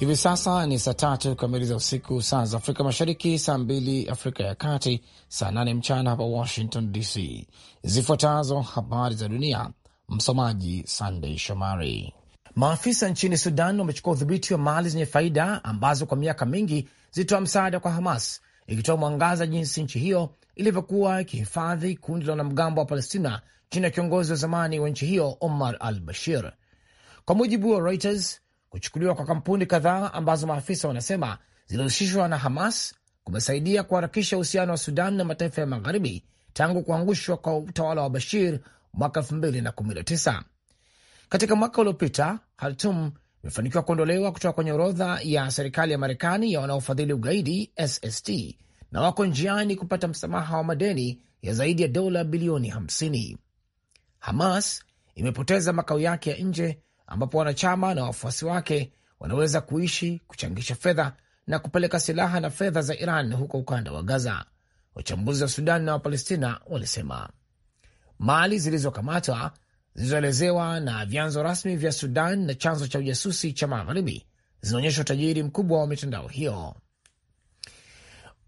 Hivi sasa ni saa tatu kamili za usiku, saa za Afrika Mashariki, saa mbili Afrika ya Kati, saa nane mchana hapa Washington DC. Zifuatazo habari za dunia, msomaji Sandey Shomari. Maafisa nchini Sudan wamechukua udhibiti wa mali zenye faida ambazo kwa miaka mingi zilitoa msaada kwa Hamas, ikitoa mwangaza jinsi nchi hiyo ilivyokuwa ikihifadhi kundi la wanamgambo wa Palestina chini ya kiongozi wa zamani wa nchi hiyo Omar al Bashir, kwa mujibu wa Reuters. Kuchukuliwa kwa kampuni kadhaa ambazo maafisa wanasema zilihusishwa na Hamas kumesaidia kuharakisha uhusiano wa Sudan na mataifa ya magharibi tangu kuangushwa kwa utawala wa Bashir mwaka 2019. Katika mwaka uliopita, hartum imefanikiwa kuondolewa kutoka kwenye orodha ya serikali ya Marekani ya wanaofadhili ugaidi SST na wako njiani kupata msamaha wa madeni ya zaidi ya dola bilioni 50. Hamas imepoteza makao yake ya nje ambapo wanachama na wafuasi wake wanaweza kuishi, kuchangisha fedha na kupeleka silaha na fedha za Iran huko ukanda wa Gaza. Wachambuzi wa Sudan na Wapalestina walisema mali zilizokamatwa zilizoelezewa na vyanzo rasmi vya Sudan na chanzo cha ujasusi cha Magharibi zinaonyesha utajiri mkubwa wa mitandao hiyo.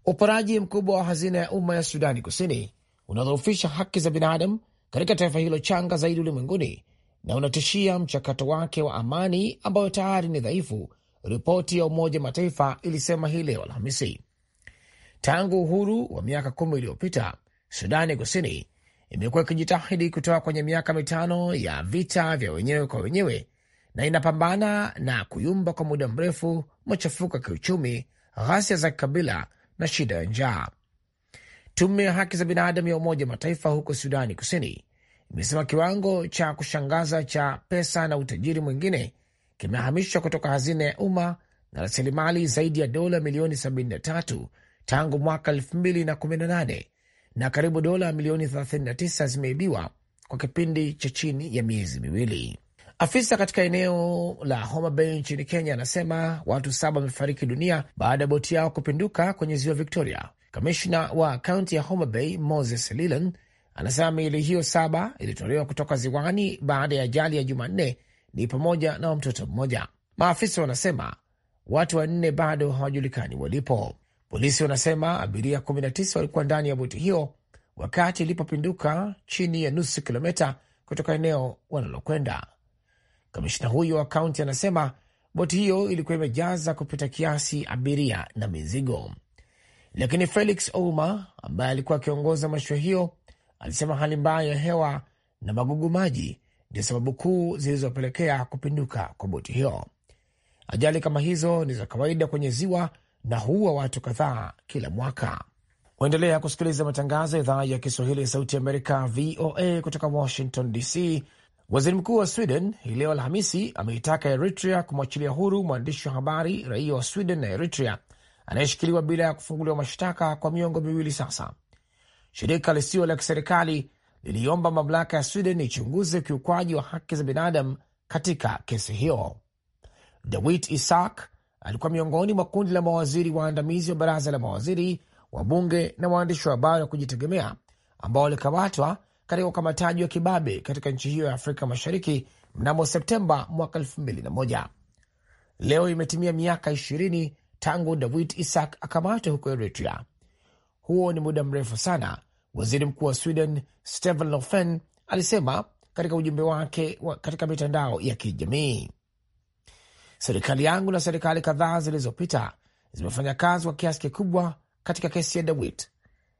Uporaji mkubwa wa hazina ya umma ya Sudani Kusini unadhoofisha haki za binadamu katika taifa hilo changa zaidi ulimwenguni na unatishia mchakato wake wa amani ambayo tayari ni dhaifu, ripoti ya Umoja Mataifa ilisema hii leo Alhamisi. Tangu uhuru wa miaka kumi iliyopita, Sudani Kusini imekuwa ikijitahidi kutoka kwenye miaka mitano ya vita vya wenyewe kwa wenyewe na inapambana na kuyumba kwa muda mrefu, machafuko ya kiuchumi, ghasia za kikabila na shida ya njaa. Tume ya haki za binadamu ya Umoja Mataifa huko Sudani Kusini imesema kiwango cha kushangaza cha pesa na utajiri mwingine kimehamishwa kutoka hazina ya umma na rasilimali zaidi ya dola milioni 73 tangu mwaka 2018 na karibu dola milioni 39 zimeibiwa kwa kipindi cha chini ya miezi miwili. Afisa katika eneo la Homa Bay nchini Kenya anasema watu saba wamefariki dunia baada ya boti yao kupinduka kwenye ziwa Victoria. Kamishna wa kaunti ya Homa Bay Moses Leland Anasema miili hiyo saba ilitolewa kutoka ziwani baada ya ajali ya Jumanne, ni pamoja na mtoto mmoja. Maafisa wanasema watu wanne bado hawajulikani walipo. Polisi wanasema abiria 19 walikuwa ndani ya boti hiyo wakati ilipopinduka chini ya nusu kilomita kutoka eneo wanalokwenda. Kamishina huyo wa kaunti anasema boti hiyo ilikuwa imejaza kupita kiasi abiria na mizigo, lakini Felix Ouma ambaye alikuwa akiongoza mashua hiyo alisema hali mbaya ya hewa na magugu maji ndio sababu kuu zilizopelekea kupinduka kwa boti hiyo. Ajali kama hizo ni za kawaida kwenye ziwa na huua watu kadhaa kila mwaka. Waendelea kusikiliza matangazo ya idhaa ya Kiswahili ya Sauti Amerika, VOA, kutoka Washington DC. Waziri Mkuu wa Sweden hii leo Alhamisi ameitaka Eritrea kumwachilia huru mwandishi wa habari raia wa Sweden na Eritrea anayeshikiliwa bila ya kufunguliwa mashtaka kwa miongo miwili sasa. Shirika lisio la kiserikali liliomba mamlaka ya Sweden ichunguze ukiukwaji wa haki za binadamu katika kesi hiyo. Dawit Isak alikuwa miongoni mwa kundi la mawaziri waandamizi wa baraza la mawaziri, wa bunge na waandishi wa habari wa kujitegemea ambao walikamatwa katika ukamataji wa kibabe katika nchi hiyo ya Afrika Mashariki mnamo Septemba mwaka 2001. Leo imetimia miaka 20 tangu Dawit Isak akamatwe huko Eritrea huo ni muda mrefu sana, waziri mkuu wa Sweden Stefan lofen alisema katika ujumbe wake katika mitandao ya kijamii. Serikali yangu na serikali kadhaa zilizopita zimefanya kazi kwa kiasi kikubwa katika kesi ya Dawit.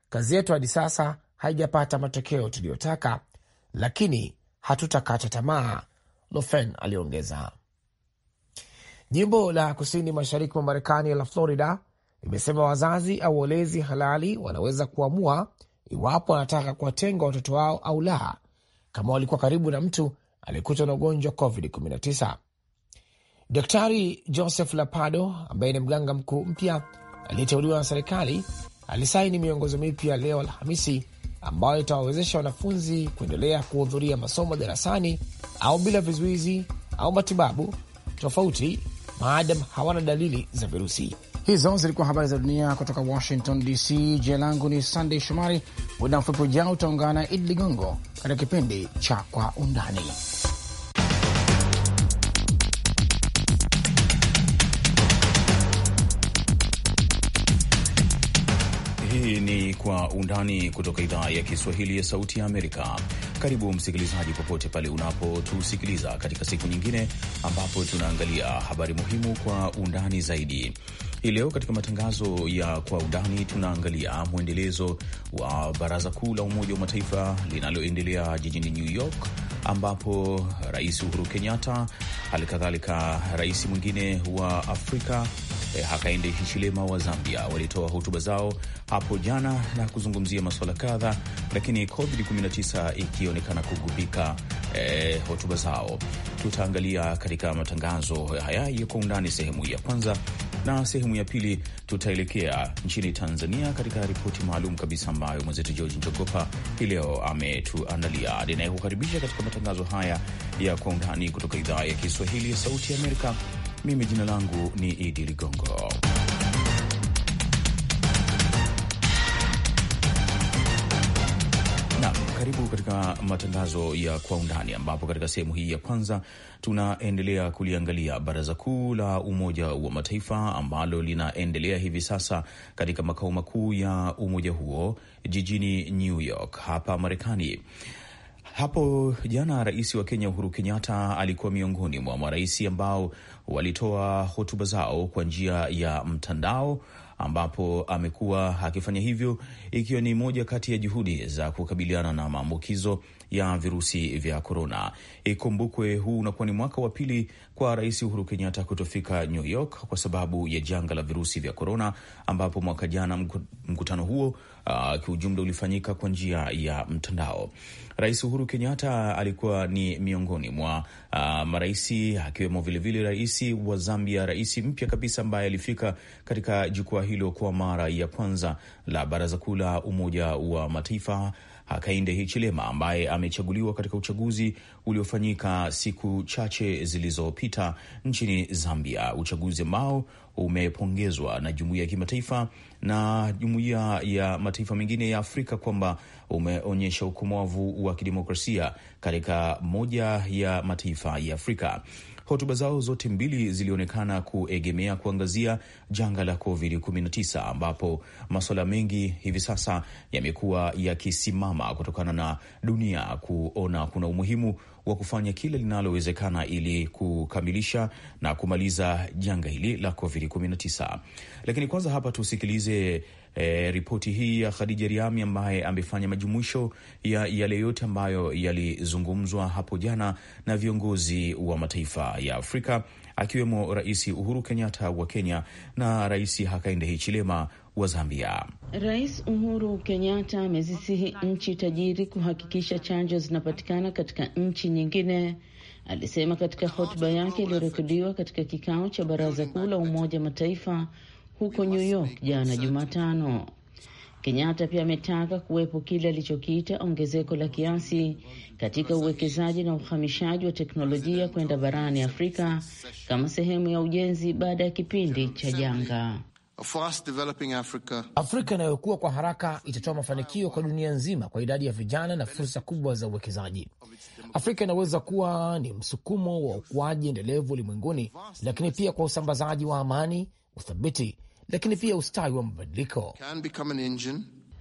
Kazi yetu hadi sasa haijapata matokeo tuliyotaka, lakini hatutakata tamaa, Lofen aliongeza. Jimbo la kusini mashariki mwa Marekani la Florida imesema wazazi au walezi halali wanaweza kuamua iwapo wanataka kuwatenga watoto wao au la, kama walikuwa karibu na mtu aliyekutwa na ugonjwa wa COVID-19. Daktari Joseph Lapado ambaye ni mganga mkuu mpya aliyeteuliwa na serikali alisaini miongozo mipya leo Alhamisi ambayo itawawezesha wanafunzi kuendelea kuhudhuria masomo darasani au bila vizuizi au matibabu tofauti maadam hawana dalili za virusi. Hizo zilikuwa habari za dunia kutoka Washington DC. Jina langu ni Sandey Shomari. Muda mfupi ujao utaungana na Idi Ligongo katika kipindi cha Kwa Undani. Kwa Undani kutoka idhaa ya Kiswahili ya Sauti ya Amerika. Karibu msikilizaji, popote pale unapotusikiliza katika siku nyingine ambapo tunaangalia habari muhimu kwa undani zaidi. Hii leo katika matangazo ya Kwa Undani tunaangalia mwendelezo wa Baraza Kuu la Umoja wa Mataifa linaloendelea jijini New York, ambapo Rais Uhuru Kenyatta, hali kadhalika rais mwingine wa Afrika eh, Hakainde Hichilema wa Zambia walitoa hotuba zao hapo jana na kuzungumzia masuala kadha, lakini COVID-19 ikionekana kugubika eh, hotuba zao. Tutaangalia katika matangazo haya ya kwa undani sehemu ya kwanza na sehemu ya pili tutaelekea nchini Tanzania katika ripoti maalum kabisa ambayo mwenzetu George Njogopa hii leo ametuandalia. Ninayekukaribisha katika matangazo haya ya kwa undani kutoka idhaa ya Kiswahili ya Sauti ya Amerika. Mimi jina langu ni Idi Ligongo. Karibu katika matangazo ya kwa undani, ambapo katika sehemu hii ya kwanza tunaendelea kuliangalia baraza kuu la Umoja wa Mataifa ambalo linaendelea hivi sasa katika makao makuu ya umoja huo jijini New York hapa Marekani. Hapo jana rais wa Kenya Uhuru Kenyatta alikuwa miongoni mwa marais ambao walitoa hotuba zao kwa njia ya mtandao ambapo amekuwa akifanya hivyo ikiwa ni moja kati ya juhudi za kukabiliana na maambukizo ya virusi vya korona. Ikumbukwe huu unakuwa ni mwaka wa pili kwa Rais Uhuru Kenyatta kutofika New York kwa sababu ya janga la virusi vya korona, ambapo mwaka jana mkutano huo uh, kiujumla ulifanyika kwa njia ya mtandao. Rais Uhuru Kenyatta alikuwa ni miongoni mwa uh, ah, maraisi akiwemo vilevile rais wa Zambia, rais mpya kabisa ambaye alifika katika jukwaa hilo kwa mara ya kwanza la Baraza Kuu la Umoja wa Mataifa, Hakainde Hichilema ambaye amechaguliwa katika uchaguzi uliofanyika siku chache zilizopita nchini Zambia, uchaguzi ambao umepongezwa na jumuiya ya kimataifa na jumuiya ya mataifa mengine ya Afrika kwamba umeonyesha ukomavu wa kidemokrasia katika moja ya mataifa ya Afrika. Hotuba zao zote mbili zilionekana kuegemea kuangazia janga la COVID-19 ambapo masuala mengi hivi sasa yamekuwa yakisimama kutokana na dunia kuona kuna umuhimu wa kufanya kila linalowezekana ili kukamilisha na kumaliza janga hili la COVID-19. Lakini kwanza hapa tusikilize E, ripoti hii ya Khadija Riami ambaye amefanya majumuisho ya yale yote ambayo yalizungumzwa hapo jana na viongozi wa mataifa ya Afrika akiwemo Rais Uhuru Kenyatta wa Kenya na Rais Hakainde Hichilema wa Zambia. Rais Uhuru Kenyatta amezisihi nchi tajiri kuhakikisha chanjo zinapatikana katika nchi nyingine. Alisema katika hotuba yake iliyorekodiwa katika kikao cha Baraza Kuu la Umoja Mataifa huko New York jana Jumatano. Kenyatta pia ametaka kuwepo kile alichokiita ongezeko la kiasi katika uwekezaji na uhamishaji wa teknolojia kwenda barani Afrika kama sehemu ya ujenzi baada ya kipindi cha janga. Afrika inayokuwa kwa haraka itatoa mafanikio kwa dunia nzima kwa idadi ya vijana na fursa kubwa za uwekezaji. Afrika inaweza kuwa ni msukumo wa ukuaji endelevu ulimwenguni, lakini pia kwa usambazaji wa amani uthabiti, lakini pia ustawi wa mabadiliko.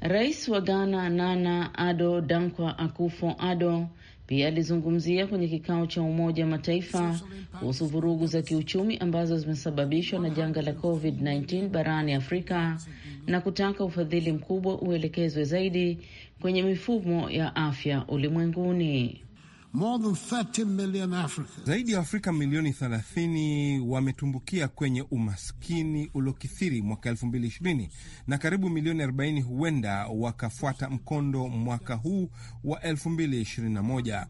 Rais wa Ghana Nana Ado Dankwa Akufo Ado pia alizungumzia kwenye kikao cha Umoja Mataifa kuhusu vurugu za kiuchumi ambazo zimesababishwa na janga la COVID-19 barani Afrika na kutaka ufadhili mkubwa uelekezwe zaidi kwenye mifumo ya afya ulimwenguni. Zaidi ya Waafrika milioni 30 wametumbukia kwenye umaskini uliokithiri mwaka 2020 na karibu milioni 40 huenda wakafuata mkondo mwaka huu wa 2021.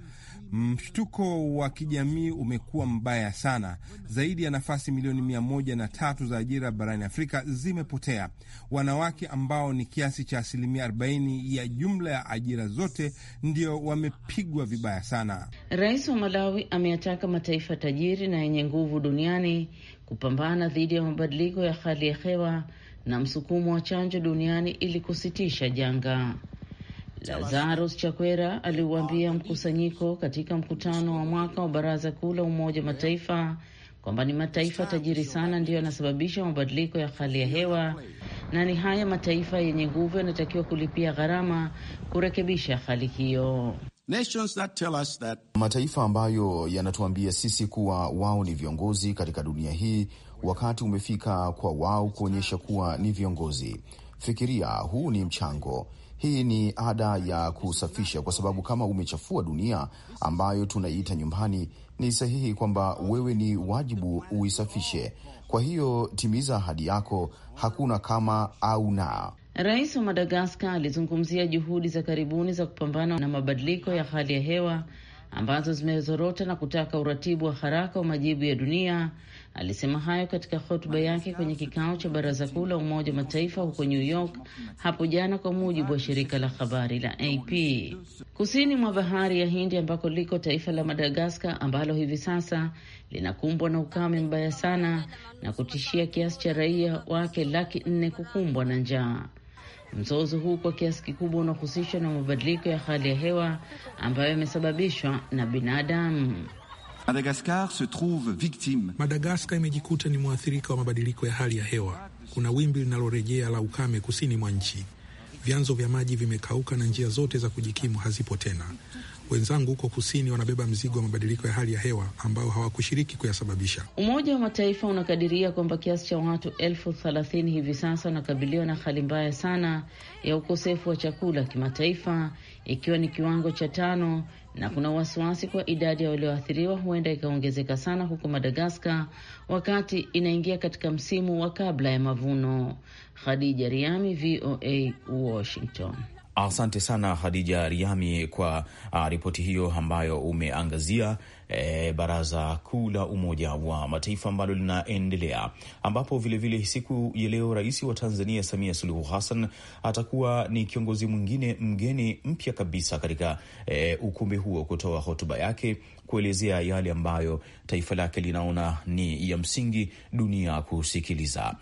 Mshtuko wa kijamii umekuwa mbaya sana. Zaidi ya nafasi milioni mia moja na tatu za ajira barani Afrika zimepotea. Wanawake ambao ni kiasi cha asilimia 40 ya jumla ya ajira zote ndio wamepigwa vibaya sana sana. Rais wa Malawi ameyataka mataifa tajiri na yenye nguvu duniani kupambana dhidi ya mabadiliko ya hali ya hewa na msukumo wa chanjo duniani ili kusitisha janga. Lazarus Chakwera aliuambia mkusanyiko katika mkutano wa mwaka wa Baraza Kuu la Umoja Mataifa kwamba ni mataifa tajiri sana ndiyo yanasababisha mabadiliko ya hali ya hewa na ni haya mataifa yenye nguvu yanatakiwa kulipia gharama kurekebisha hali hiyo. Nations that tell us that... mataifa ambayo yanatuambia sisi kuwa wao ni viongozi katika dunia hii, wakati umefika kwa wao kuonyesha kuwa ni viongozi. Fikiria, huu ni mchango hii ni ada ya kusafisha, kwa sababu kama umechafua dunia ambayo tunaiita nyumbani, ni sahihi kwamba wewe ni wajibu uisafishe. Kwa hiyo timiza ahadi yako, hakuna kama au na. Rais wa Madagaskar alizungumzia juhudi za karibuni za kupambana na mabadiliko ya hali ya hewa ambazo zimezorota na kutaka uratibu wa haraka wa majibu ya dunia. Alisema hayo katika hotuba yake kwenye kikao cha Baraza Kuu la Umoja wa Mataifa huko New York hapo jana, kwa mujibu wa shirika la habari la AP. Kusini mwa bahari ya Hindi ambako liko taifa la Madagaskar ambalo hivi sasa linakumbwa na ukame mbaya sana na kutishia kiasi cha raia wake laki nne kukumbwa na njaa. Mzozo huu kwa kiasi kikubwa unahusishwa na mabadiliko ya hali ya hewa ambayo yamesababishwa na binadamu. Madagaskar se trouve victime. Madagaskar imejikuta ni mwathirika wa mabadiliko ya hali ya hewa. Kuna wimbi linalorejea la ukame kusini mwa nchi. Vyanzo vya maji vimekauka na njia zote za kujikimu hazipo tena wenzangu huko kusini wanabeba mzigo wa mabadiliko ya hali ya hewa ambao hawakushiriki kuyasababisha. Umoja wa Mataifa unakadiria kwamba kiasi cha watu elfu thelathini hivi sasa wanakabiliwa na hali mbaya sana ya ukosefu wa chakula kimataifa, ikiwa ni kiwango cha tano, na kuna wasiwasi kwa idadi ya walioathiriwa huenda ikaongezeka sana huko Madagaskar wakati inaingia katika msimu wa kabla ya mavuno. Khadija Riami, VOA, Washington. Asante sana Hadija Riami kwa uh, ripoti hiyo ambayo umeangazia e, Baraza Kuu la Umoja wa Mataifa ambalo linaendelea, ambapo vilevile vile siku ya leo Rais wa Tanzania Samia Suluhu Hassan atakuwa ni kiongozi mwingine mgeni mpya kabisa katika e, ukumbi huo kutoa hotuba yake kuelezea yale ambayo taifa lake linaona ni ya msingi dunia kusikiliza.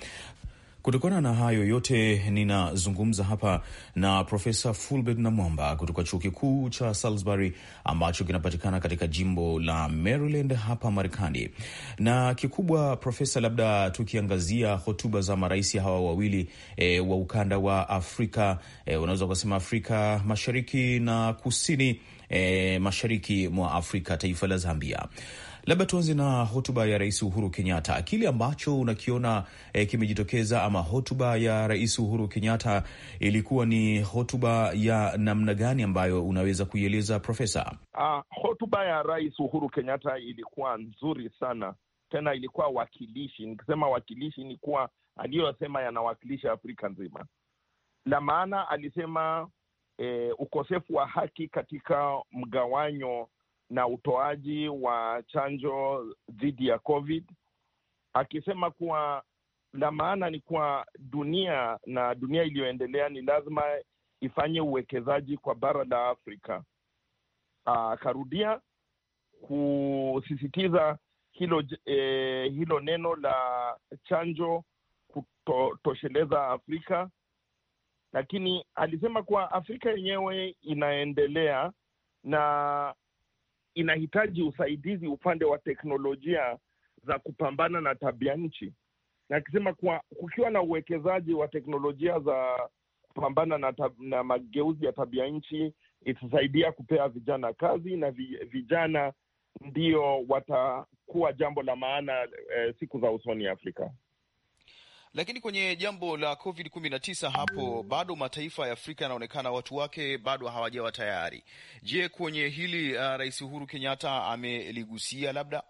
Kutokana na hayo yote, ninazungumza hapa na Profesa Fulbert Namwamba kutoka chuo kikuu cha Salisbury ambacho kinapatikana katika jimbo la Maryland hapa Marekani. Na kikubwa, Profesa, labda tukiangazia hotuba za marais hawa wawili e, wa ukanda wa Afrika e, unaweza ukasema Afrika Mashariki na Kusini e, mashariki mwa Afrika, taifa la Zambia Labda tuanze na hotuba ya Rais Uhuru Kenyatta, kile ambacho unakiona eh, kimejitokeza ama hotuba ya Rais Uhuru Kenyatta ilikuwa ni hotuba ya namna gani ambayo unaweza kuieleza Profesa? Ah, hotuba ya Rais Uhuru Kenyatta ilikuwa nzuri sana, tena ilikuwa wakilishi. Nikisema wakilishi ni kuwa aliyosema yanawakilisha Afrika nzima, la maana alisema eh, ukosefu wa haki katika mgawanyo na utoaji wa chanjo dhidi ya COVID, akisema kuwa la maana ni kuwa dunia na dunia iliyoendelea ni lazima ifanye uwekezaji kwa bara la Afrika. Ah, akarudia kusisitiza hilo, eh, hilo neno la chanjo kutosheleza Afrika, lakini alisema kuwa Afrika yenyewe inaendelea na inahitaji usaidizi upande wa teknolojia za kupambana na tabia nchi, na akisema kuwa kukiwa na uwekezaji wa teknolojia za kupambana na, tab, na mageuzi ya tabia nchi itasaidia kupea vijana kazi na vijana ndio watakuwa jambo la maana eh, siku za usoni Afrika. Lakini kwenye jambo la Covid 19 hapo bado mataifa ya Afrika yanaonekana watu wake bado hawajawa tayari. Je, kwenye hili uh, Rais Uhuru Kenyatta ameligusia labda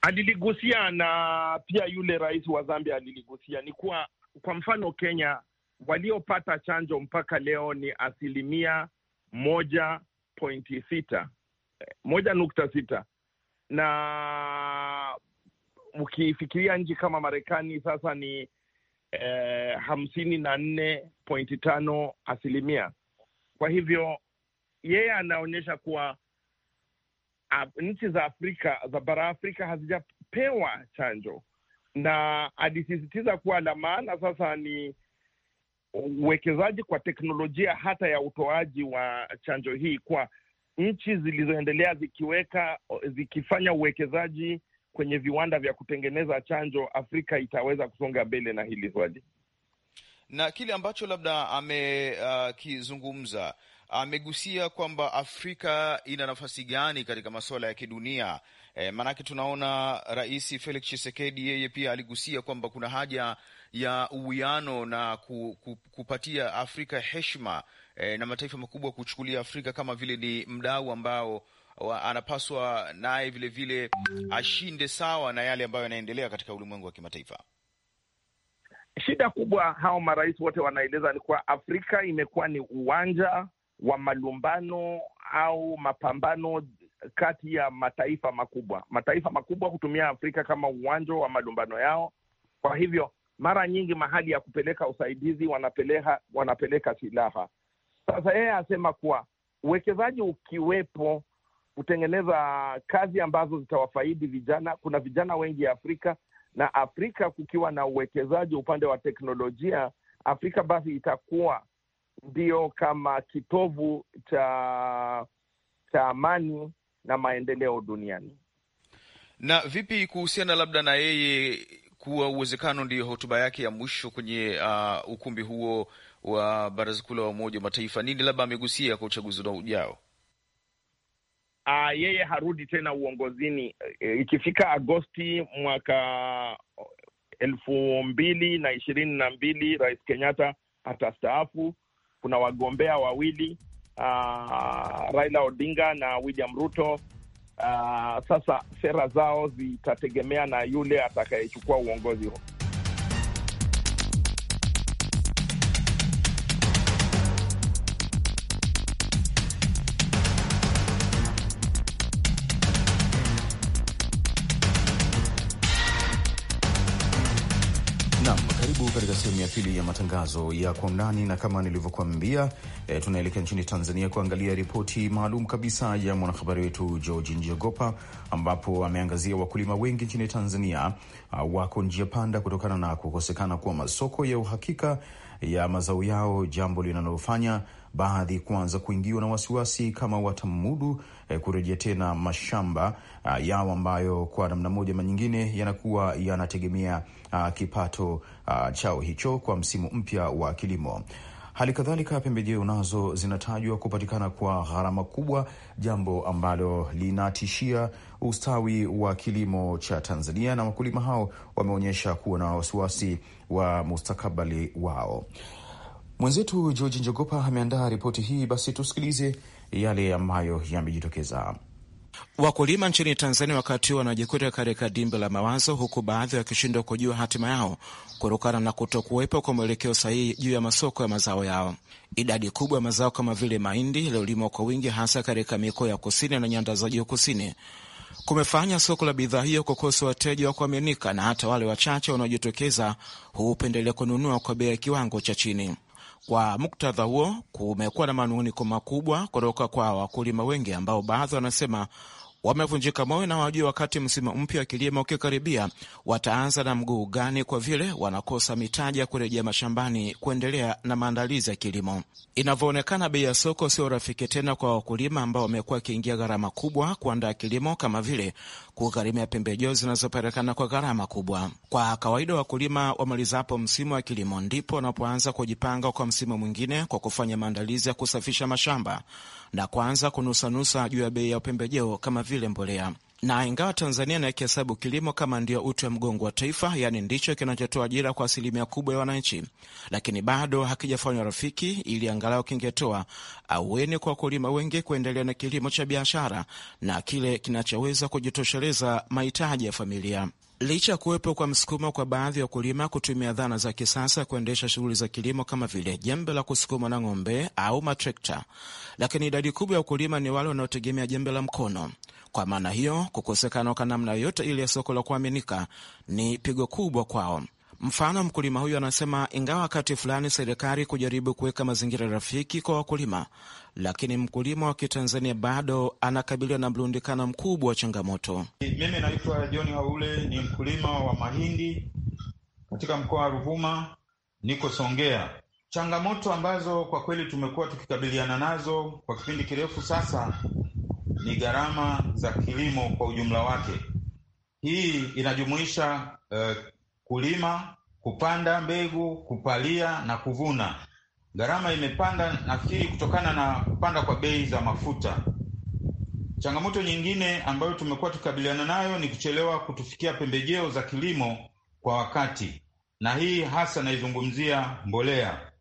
aliligusia na pia yule rais wa Zambia aliligusia. Ni kuwa kwa mfano, Kenya waliopata chanjo mpaka leo ni asilimia moja pointi sita moja nukta sita na ukifikiria nchi kama Marekani sasa ni eh, hamsini na nne pointi tano asilimia. Kwa hivyo yeye anaonyesha kuwa ah, nchi za Afrika za bara Afrika hazijapewa chanjo, na alisisitiza kuwa la maana sasa ni uwekezaji kwa teknolojia hata ya utoaji wa chanjo hii, kwa nchi zilizoendelea zikiweka zikifanya uwekezaji kwenye viwanda vya kutengeneza chanjo, Afrika itaweza kusonga mbele na hili swali na kile ambacho labda amekizungumza uh, amegusia kwamba Afrika ina nafasi gani katika masuala ya kidunia. E, maanake tunaona Rais Felix Tshisekedi yeye pia aligusia kwamba kuna haja ya uwiano na ku, ku, kupatia Afrika heshima e, na mataifa makubwa kuchukulia Afrika kama vile ni mdau ambao anapaswa naye vilevile ashinde sawa na yale ambayo yanaendelea katika ulimwengu wa kimataifa. Shida kubwa hao marais wote wanaeleza ni kuwa Afrika imekuwa ni uwanja wa malumbano au mapambano kati ya mataifa makubwa. Mataifa makubwa hutumia Afrika kama uwanja wa malumbano yao. Kwa hivyo mara nyingi mahali ya kupeleka usaidizi wanapeleka, wanapeleka silaha. Sasa yeye asema kuwa uwekezaji ukiwepo kutengeneza kazi ambazo zitawafaidi vijana. Kuna vijana wengi Afrika na Afrika kukiwa na uwekezaji upande wa teknolojia, Afrika basi itakuwa ndio kama kitovu cha cha amani na maendeleo duniani. Na vipi kuhusiana labda na yeye kuwa uwezekano, ndiyo hotuba yake ya mwisho kwenye uh, ukumbi huo wa Baraza Kuu la Umoja wa Mataifa, nini labda amegusia kwa uchaguzi ujao? uh, yeye harudi tena uongozini eh, ikifika Agosti mwaka eh, elfu mbili na ishirini na mbili Rais Kenyatta atastaafu. Kuna wagombea wawili uh, Raila Odinga na William Ruto. Uh, sasa sera zao zitategemea na yule atakayechukua uongozi huo. katika sehemu ya pili ya matangazo ya kwa undani, na kama nilivyokuambia, e, tunaelekea nchini Tanzania kuangalia ripoti maalum kabisa ya mwanahabari wetu George Njogopa, ambapo ameangazia wakulima wengi nchini Tanzania uh, wako njia panda kutokana na kukosekana kwa masoko ya uhakika ya mazao yao, jambo linalofanya baadhi kuanza kuingiwa na wasiwasi kama watamudu eh, kurejea tena mashamba uh, yao ambayo kwa namna moja manyingine nyingine yanakuwa yanategemea uh, kipato uh, chao hicho kwa msimu mpya wa kilimo. Hali kadhalika pembejeo nazo zinatajwa kupatikana kwa gharama kubwa, jambo ambalo linatishia ustawi wa kilimo cha Tanzania, na wakulima hao wameonyesha kuwa na wasiwasi wa mustakabali wao. Mwenzetu Georgi Njogopa ameandaa ripoti hii, basi tusikilize yale ambayo yamejitokeza. Wakulima nchini Tanzania wakati huo wanajikuta katika dimbi la mawazo, huku baadhi wakishindwa kujua hatima yao kutokana na kutokuwepo kwa mwelekeo sahihi juu ya masoko ya mazao yao. Idadi kubwa ya mazao kama vile mahindi yaliyolimwa kwa wingi hasa katika mikoa ya kusini na nyanda za juu kusini kumefanya soko la bidhaa hiyo kukosa wateja wa kuaminika, na hata wale wachache wanaojitokeza huupendelea kununua kwa bei ya kiwango cha chini. Kwa muktadha huo, kumekuwa na manung'uniko makubwa kutoka kwa wakulima wengi ambao baadhi wanasema wamevunjika moyo na wajue wakati msimu mpya wa kilimo ukikaribia wataanza na mguu gani, kwa vile wanakosa mitaji ya kurejea mashambani kuendelea na maandalizi ya kilimo. Inavyoonekana, bei ya soko sio rafiki tena kwa wakulima ambao wamekuwa wakiingia gharama kubwa kuandaa kilimo kama vile kugharimia pembejeo zinazopatikana kwa gharama kubwa. Kwa kawaida, wakulima wamalizapo msimu wa kilimo ndipo wanapoanza kujipanga kwa msimu mwingine kwa kufanya maandalizi ya kusafisha mashamba na kuanza kunusanusa juu ya bei ya pembejeo kama vile mbolea na ingawa Tanzania inakihesabu kilimo kama ndio uti wa mgongo wa taifa, yaani ndicho kinachotoa ajira kwa asilimia kubwa ya wananchi, lakini bado hakijafanywa rafiki ili angalau kingetoa aueni kwa wakulima wengi kuendelea na kilimo cha biashara na kile kinachoweza kujitosheleza mahitaji ya familia. Licha ya kuwepo kwa msukumo kwa baadhi ya wakulima kutumia dhana za kisasa kuendesha shughuli za kilimo kama vile jembe la kusukuma na ng'ombe au matrekta, lakini idadi kubwa ya wakulima ni wale wanaotegemea jembe la mkono. Kwa maana hiyo, kukosekana kwa namna yoyote ile ya soko la kuaminika ni pigo kubwa kwao. Mfano, mkulima huyu anasema ingawa wakati fulani serikali kujaribu kuweka mazingira rafiki kwa wakulima, lakini mkulima wa Kitanzania bado anakabiliwa na mlundikano mkubwa wa changamoto. Mimi naitwa John Haule, ni mkulima wa mahindi katika mkoa wa Ruvuma, niko Songea. Changamoto ambazo kwa kweli tumekuwa tukikabiliana nazo kwa kipindi kirefu sasa ni gharama za kilimo kwa ujumla wake. Hii inajumuisha uh, kulima, kupanda mbegu, kupalia na kuvuna. Gharama imepanda nafikiri kutokana na kupanda kwa bei za mafuta. Changamoto nyingine ambayo tumekuwa tukikabiliana nayo ni kuchelewa kutufikia pembejeo za kilimo kwa wakati, na hii hasa naizungumzia mbolea.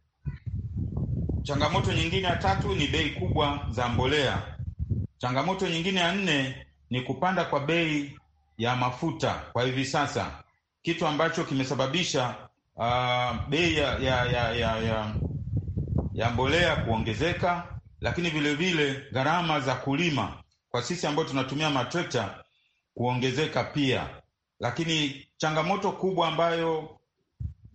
Changamoto nyingine ya tatu ni bei kubwa za mbolea. Changamoto nyingine ya nne ni kupanda kwa bei ya mafuta kwa hivi sasa, kitu ambacho kimesababisha uh, bei ya, ya, ya, ya, ya, ya mbolea kuongezeka, lakini vilevile gharama za kulima kwa sisi ambao tunatumia matrekta kuongezeka pia. Lakini changamoto kubwa ambayo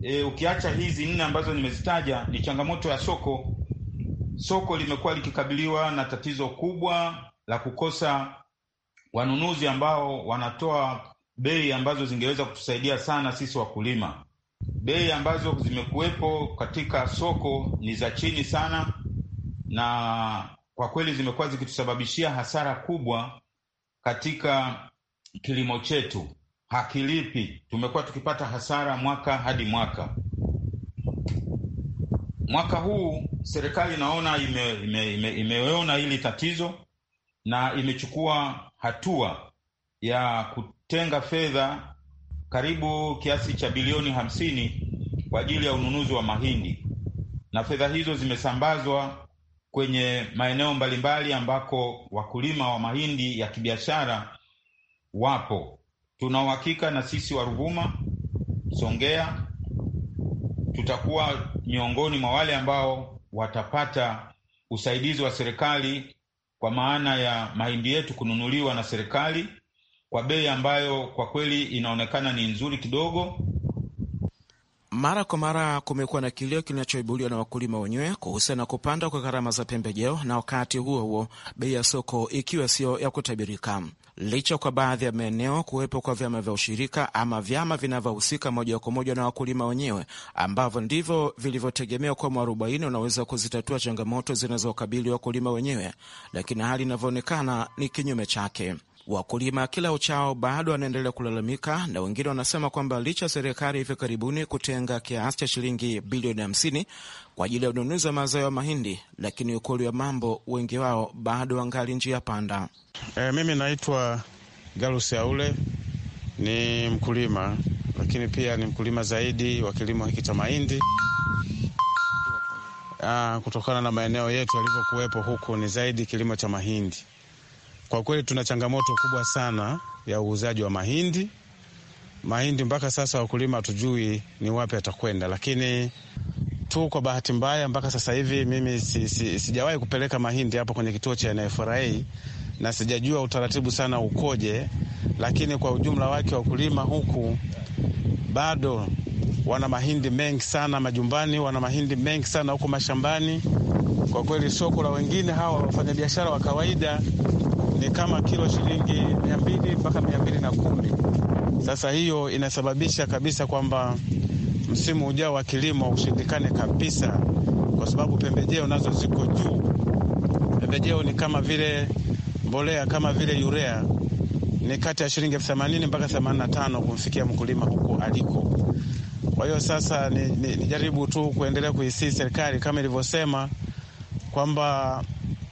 e, ukiacha hizi nne ambazo nimezitaja ni changamoto ya soko. Soko limekuwa likikabiliwa na tatizo kubwa la kukosa wanunuzi ambao wanatoa bei ambazo zingeweza kutusaidia sana sisi wakulima. Bei ambazo zimekuwepo katika soko ni za chini sana, na kwa kweli zimekuwa zikitusababishia hasara kubwa katika kilimo chetu, hakilipi. Tumekuwa tukipata hasara mwaka hadi mwaka. Mwaka huu serikali inaona imeona ime, ime, ime hili tatizo na imechukua hatua ya kutenga fedha karibu kiasi cha bilioni hamsini kwa ajili ya ununuzi wa mahindi, na fedha hizo zimesambazwa kwenye maeneo mbalimbali ambako wakulima wa mahindi ya kibiashara wapo. Tuna uhakika na sisi wa Ruvuma, Songea, tutakuwa miongoni mwa wale ambao watapata usaidizi wa serikali kwa maana ya mahindi yetu kununuliwa na serikali kwa bei ambayo kwa kweli inaonekana ni nzuri kidogo, mara kwa mara kumekuwa na kilio kinachoibuliwa na wakulima wenyewe kuhusiana na kupanda kwa gharama za pembejeo, na wakati huo huo bei ya soko ikiwa siyo ya kutabirika, licha kwa baadhi ya maeneo kuwepo kwa vyama vya ushirika ama vyama vinavyohusika moja kwa moja na wakulima wenyewe, ambavyo ndivyo vilivyotegemewa kwa mwarobaini unaweza kuzitatua changamoto zinazokabili wakulima wenyewe, lakini hali inavyoonekana ni kinyume chake. Wakulima kila uchao bado wanaendelea kulalamika, na wengine wanasema kwamba licha ya serikali hivi karibuni kutenga kiasi cha shilingi bilioni hamsini kwa ajili ya ununuzi wa mazao ya mahindi, lakini ukweli wa mambo, wengi wao bado wangali njia panda. E, mimi naitwa Galus Aule, ni mkulima lakini pia ni mkulima zaidi wa kilimo hiki cha mahindi. Aa, ah, kutokana na maeneo yetu yalivyokuwepo huku ni zaidi kilimo cha mahindi. Kwa kweli tuna changamoto kubwa sana ya uuzaji wa mahindi. Mahindi mpaka sasa wakulima hatujui ni wapi atakwenda, lakini tu kwa bahati mbaya mpaka sasa hivi mimi si, si, sijawahi kupeleka mahindi hapo kwenye kituo cha NFRA na sijajua utaratibu sana ukoje, lakini kwa ujumla wake wakulima huku bado wana mahindi mengi sana majumbani, wana mahindi mengi sana huko mashambani. Kwa kweli soko la wengine hawa wafanyabiashara wa kawaida ni kama kilo shilingi mia mbili mpaka mia mbili na kumi. Sasa hiyo inasababisha kabisa kwamba msimu ujao wa kilimo ushindikane kabisa, kwa sababu pembejeo nazo ziko juu. Pembejeo ni kama vile mbolea, kama vile urea ni kati ya shilingi elfu themanini mpaka themanini na tano kumfikia mkulima huko aliko. Kwa hiyo sasa nijaribu ni, ni tu kuendelea kuisii serikali kama ilivyosema kwamba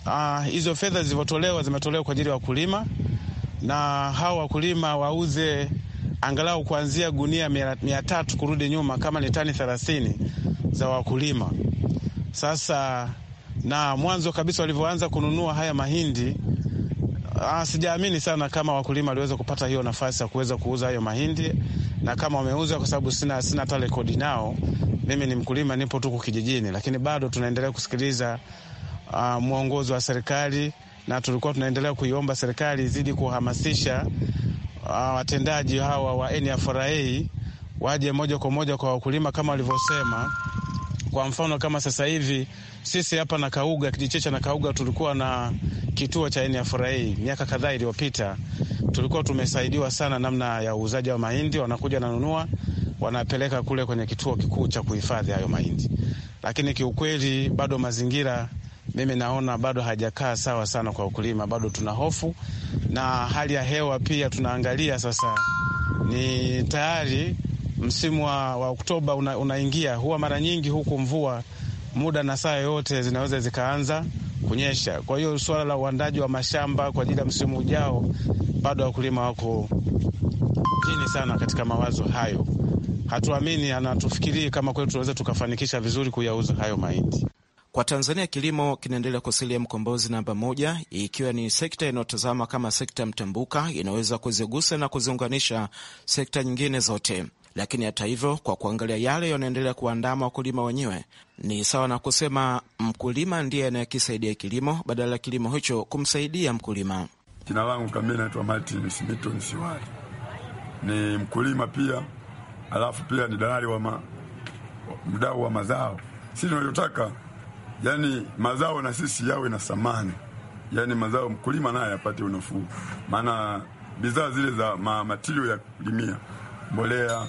Ah, hizo fedha zilizotolewa zimetolewa kwa ajili ya wakulima na hao wakulima wauze angalau kuanzia gunia mia tatu kurudi nyuma, kama ni tani thelathini za wakulima. Sasa na mwanzo kabisa walivyoanza kununua haya mahindi ah, sijaamini sana kama wakulima waliweza kupata hiyo nafasi ya kuweza kuuza hayo mahindi, na kama wameuza, kwa sababu sina sina hata rekodi nao. Mimi ni mkulima, nipo tuku kijijini, lakini bado tunaendelea kusikiliza uh, mwongozo wa serikali, na tulikuwa tunaendelea kuiomba serikali izidi kuhamasisha uh, watendaji hawa wa NFRA waje moja kwa moja kwa wakulima kama walivyosema. Kwa mfano kama sasa hivi sisi hapa na Kauga, Kijichecha na Kauga, tulikuwa na kituo cha NFRA miaka kadhaa iliyopita. Tulikuwa tumesaidiwa sana namna ya uuzaji wa mahindi, wanakuja nanunua wanapeleka kule kwenye kituo kikuu cha kuhifadhi hayo mahindi, lakini kiukweli bado mazingira mimi naona bado hajakaa sawa sana kwa ukulima, bado tuna hofu na hali ya hewa pia. Tunaangalia sasa, ni tayari msimu wa, wa Oktoba una, unaingia. Huwa mara nyingi huku mvua muda na saa yoyote zinaweza zikaanza kunyesha. Kwa hiyo suala la uandaji wa mashamba kwa ajili ya msimu ujao, bado wakulima wako chini sana katika mawazo hayo. Hatuamini, anatufikirii kama kweli tunaweza tukafanikisha vizuri kuyauza hayo mahindi. Kwa Tanzania, kilimo kinaendelea kusalia mkombozi namba moja, ikiwa ni sekta inayotazama kama sekta mtambuka inaweza kuzigusa na kuziunganisha sekta nyingine zote. Lakini hata hivyo, kwa kuangalia yale yanaendelea kuandama wakulima wenyewe, ni sawa na kusema mkulima ndiye anayekisaidia kilimo badala ya kilimo hicho kumsaidia mkulima. Jina langu kamili naitwa Martin Smiton Siwali, ni mkulima pia, alafu pia ni dalali wa mdau wa mazao. Sisi tunachotaka yani mazao na sisi yawe na thamani, yani mazao mkulima naye apate unafuu, maana bidhaa zile za ma, matilio ya kulimia, mbolea,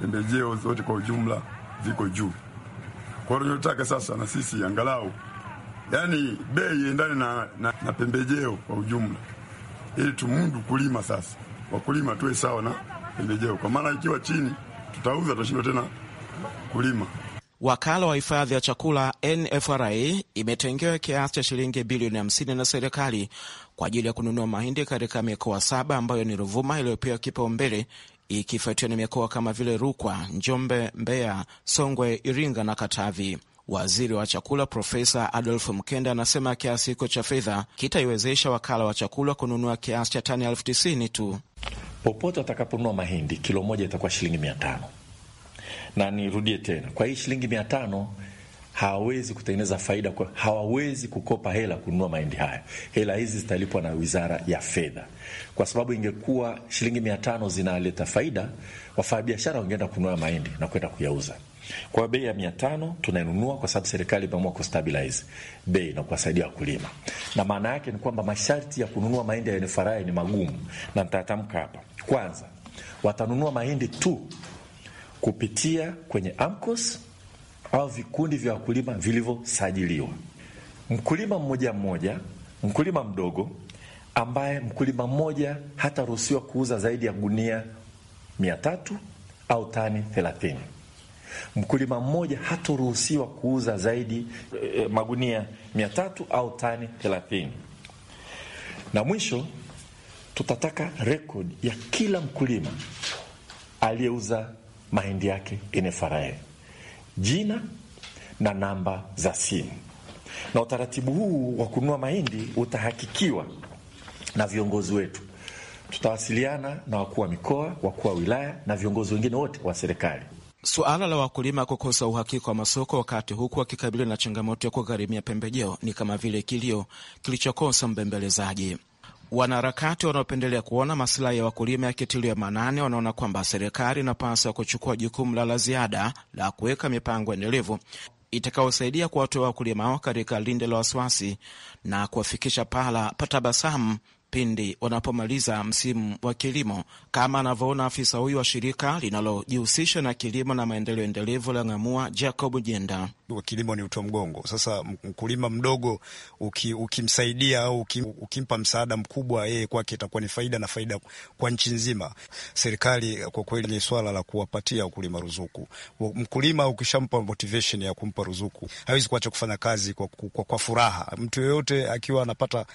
pembejeo zote kwa ujumla ziko juu. Kwa hiyo tunataka sasa na sisi angalau yani bei iendane na, na, na pembejeo kwa ujumla, ili tumundu kulima sasa, wakulima tuwe sawa na pembejeo, kwa maana ikiwa chini tutauza tutashindwa tena kulima. Wakala wa hifadhi ya chakula NFRA imetengewa kiasi cha shilingi bilioni 50 na serikali kwa ajili ya kununua mahindi katika mikoa saba ambayo ni Ruvuma iliyopewa kipaumbele ikifuatiwa na mikoa kama vile Rukwa, Njombe, Mbeya, Songwe, Iringa na Katavi. Waziri wa chakula Profesa Adolf Mkenda anasema kiasi hicho cha fedha kitaiwezesha wakala wa chakula kununua kiasi cha tani elfu tisini tu. Popote watakaponunua mahindi, kilo moja itakuwa shilingi mia tano na nirudie tena, kwa hii shilingi mia tano hawawezi kutengeneza faida kwa, hawawezi kukopa hela kununua mahindi haya. Hela hizi zitalipwa na Wizara ya Fedha, kwa sababu ingekuwa shilingi mia tano zinaleta faida, wafanyabiashara wangeenda kununua mahindi na kwenda kuyauza kwa bei ya mia tano tunainunua kwa sababu serikali imeamua kustabilize bei na kuwasaidia wakulima, na maana yake ni kwamba masharti ya kununua mahindi ya NFRA ni magumu, na nitatamka hapa. Kwanza, watanunua mahindi tu kupitia kwenye AMCOS au vikundi vya wakulima vilivyosajiliwa. Mkulima mmoja mmoja, mkulima mdogo ambaye mkulima mmoja hataruhusiwa kuuza zaidi ya gunia mia tatu au tani thelathini. Mkulima mmoja hataruhusiwa kuuza zaidi eh, eh magunia mia tatu au tani thelathini. Na mwisho tutataka rekodi ya kila mkulima aliyeuza mahindi yake NFRA, jina na namba za simu. Na utaratibu huu wa kununua mahindi utahakikiwa na viongozi wetu. Tutawasiliana na wakuu wa mikoa, wakuu wa wilaya na viongozi wengine wote wa serikali. Suala la wakulima kukosa uhakika wa masoko wakati huku wakikabiliwa na changamoto ya kugharimia pembejeo ni kama vile kilio kilichokosa mbembelezaji. Wanaharakati wanaopendelea kuona masilahi ya wakulima yakitiliwa maanani wanaona kwamba serikali inapaswa kuchukua jukumu la la ziada la kuweka mipango endelevu itakayosaidia kuwatoa wakulima hao katika linde la wasiwasi na kuwafikisha pahala patabasamu pindi wanapomaliza msimu wa kilimo, kama anavyoona afisa huyu wa shirika linalojihusisha na kilimo na maendeleo endelevu la Ng'amua, Jacob Jenda wa kilimo ni uto mgongo. Sasa mkulima mdogo uki, ukimsaidia au uki, ukimpa msaada mkubwa, yeye kwake itakuwa ni faida na faida kwa nchi nzima. Serikali kwa kweli ni swala la kuwapatia wakulima ruzuku. Mkulima ukishampa motivation ya kumpa ruzuku, hawezi kuacha kufanya kazi kwa, kwa, kwa furaha. Mtu yeyote akiwa anapata,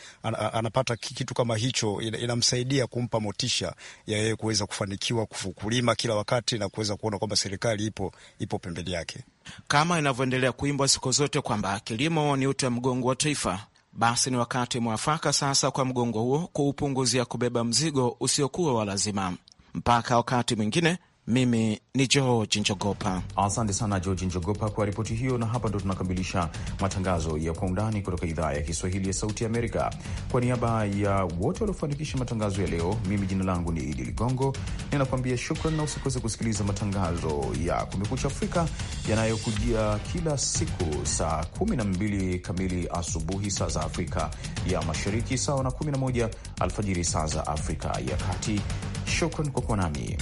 anapata kitu kama hicho inamsaidia kumpa motisha ya yeye kuweza kufanikiwa kulima kila wakati na kuweza kuona kwamba serikali ipo, ipo pembeni yake. Kama inavyoendelea kuimbwa siku zote kwamba kilimo ni uti wa mgongo wa taifa, basi ni wakati mwafaka sasa kwa mgongo huo kuupunguzia kubeba mzigo usiokuwa wa lazima. Mpaka wakati mwingine, mimi ni George Njogopa. Asante sana George Njogopa kwa ripoti hiyo, na hapa ndo tunakamilisha matangazo ya Kwa Undani kutoka idhaa ya Kiswahili ya Sauti Amerika. Kwa niaba ya wote waliofanikisha matangazo ya leo, mimi jina langu ni Idi Ligongo, ninakuambia shukran na usikose kusikiliza matangazo ya Kumekucha Afrika yanayokujia kila siku saa 12 kamili asubuhi saa za Afrika ya Mashariki, sawa na 11 alfajiri saa za Afrika ya Kati. Shukran kwa kuwa nami.